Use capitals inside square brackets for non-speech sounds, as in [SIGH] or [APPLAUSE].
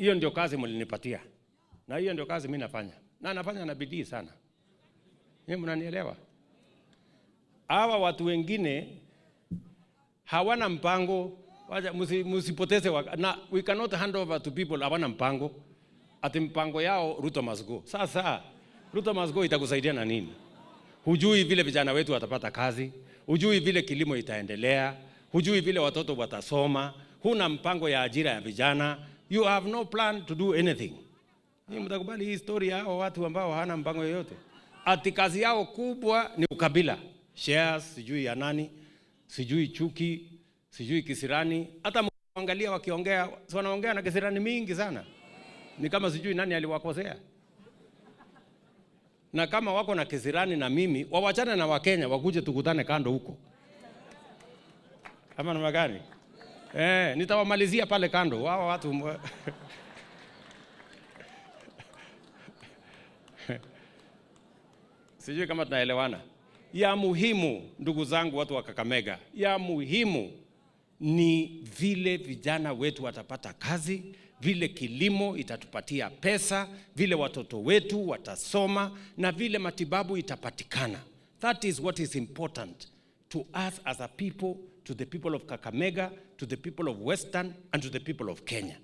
hiyo ndio kazi mlinipatia, na hiyo ndio kazi mimi nafanya, na nafanya na bidii sana. Mimi mnanielewa. Hawa watu wengine hawana mpango, msipoteze na we cannot hand over to people. Hawana mpango, ati mpango yao Ruto must go. Sasa Ruto must go itakusaidia na nini? Hujui vile vijana wetu watapata kazi, hujui vile kilimo itaendelea, hujui vile watoto watasoma, huna mpango ya ajira ya vijana you have no plan to do anything. Ni mtakubali hii story ya hao watu ambao hawana mpango yoyote, ati kazi yao kubwa ni ukabila, shares sijui ya nani, sijui chuki, sijui kisirani. Hata mwangalia wakiongea, wanaongea na kisirani mingi sana, ni kama sijui nani aliwakosea na kama wako na kisirani na mimi, wawachane na Wakenya wakuje tukutane kando huko, ama namna gani? Eh, nitawamalizia pale kando wawa watu [LAUGHS] Sijui kama tunaelewana. Ya muhimu ndugu zangu, watu wa Kakamega, ya muhimu ni vile vijana wetu watapata kazi, vile kilimo itatupatia pesa, vile watoto wetu watasoma na vile matibabu itapatikana. That is what is important to us as a people, to the people of Kakamega, to the people of Western, and to the people of Kenya.